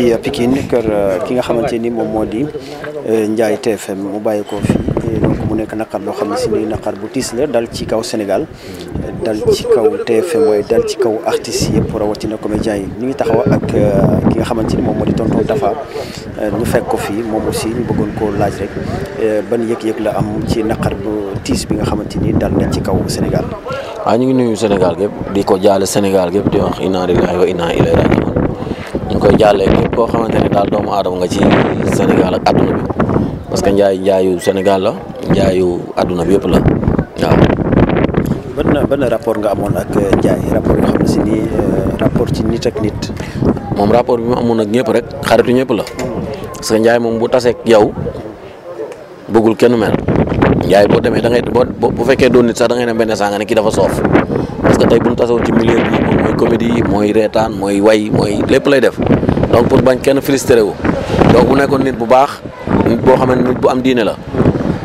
ci Pikine kër euh, ki nga xamante ni moom moo di euh, Ndiaye TFM mu bàyyi ko fii donc mu nekk naqar boo xam ne si ni naqar bu tiis la dal ci kaw Sénégal dal ci kaw TFM waaye dal ci kaw artistes yëpp rawatina comédiens yi ñu ngi taxaw ak euh, ki nga xamante ni moom moo di tonton Tafa ñu fekk ko fii moom aussi ñu bëggoon ko laaj rek ban yëg-yëg la am ci naqar bu tiis bi nga xamante ni dal na ci kaw Sénégal. waaw ah, ñu ngi nuyu Sénégal gépp di ko jaale Sénégal gépp di wax inna lillahi wa inna ilayhi ñu koy jàllee képp koo xamante ne daal doomu aadama nga ci Sénégal ak àdduna bi parce que njaay njaayu Sénégal la njaayu àdduna bi yëpp la waaw. ba rapport nga amoon ak euh, njaay rapport yoo xam ne si euh, nit ak nit. moom rapport bi mu amoon ak ñëpp rek xaritu ñëpp la parce que njaay moom bu taseek yow bëggul kenn mel njaay boo demee da ngay boo bu fekkee doon nit sax da ngay dem benn saa nga ne kii dafa soof. parce que tey bu ñu tasewoon ci milieu bi mooy comédie mooy reetaan mooy way mooy lépp lay def donc pour bañ kenn frustré wu donc bu nekkoon nit bu baax nit boo xam ne nit bu am diine la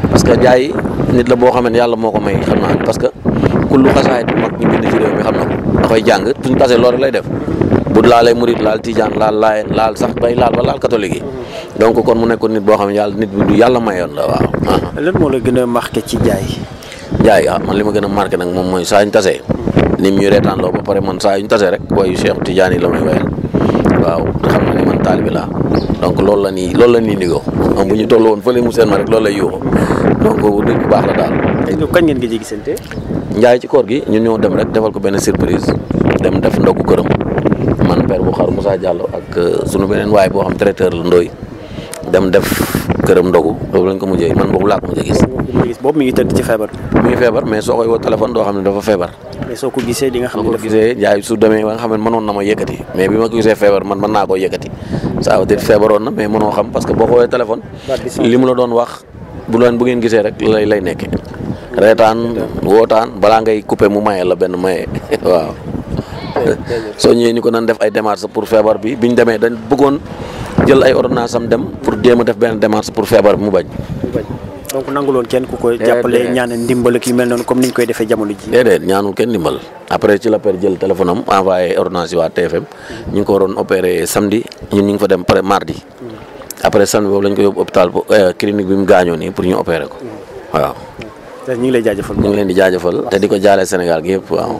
parce que jaay nit la boo xam ne yàlla moo ko may xam parce que kullu xam na ko da koy jàng suñ tasee loolu lay def bu laalee murit laal tijaan laal laayeen laal sax bay laal ba laal catholique kon mu nekkoon nit boo xam ne yàlla nit bi du yàlla mayoon la waaw. lan moo la gën a marqué ci jaay. jaay ah man li ma gën a marqué nag moom mooy saa ñu tasee nim ñu reetaan loo ba pare man saa yu ñu tase rek wayu Cheikh Tidiane la may wayal waaw xam nga ne man bi laa donc loolu la nii loolu la nii nigoo moom bu ñu toll woon fële mu seen ma rek loolu lay yuuxu donc nit bu baax la daal. kañ ngeen gëj a gisante. Njaay ci koor gi ñun ñoo dem rek defal ko benn surprise dem def ndogu këram man père bu xar Moussa Diallo ak euh, sunu beneen waay boo xam traiteur la Ndoye dem def. këram ndogu boobu lañ ko mujjee man boobu laa ko mujjee gis. boobu mi ngi tëdd ci feebar. mi ngi feebar mais soo koy woo téléphone doo xam ne dafa feebar. mais soo la benn maye waaw. soo ñëwee ni ko nan def ay démarches pour feebar bi biñ demee dañ bëggoon jël ay ordonnance dem pour jéem a def benn démarche pour feebar mu bañ. donc nanguloon kenn ku koy. jàppale ñaanal ndimbal ki mel noonu comme ni ñu koy defee jamono ji déedéet ñaanul kenn ndimbal après ci la per jël téléphone am envoyé ordonnance yi waa TFM ñu ngi ko waroon opéré samedi ñun ñu ngi fa dem pare mardi. après samedi boobu lañ ko yóbbu hôpital euh, clinique bi mu gaañoo nii pour ñu opéré ko mm. waaw. ñu ngi lay jaajëfal. ñu ngi leen di jaajëfal te di ko jaale Sénégal gi yëpp waaw.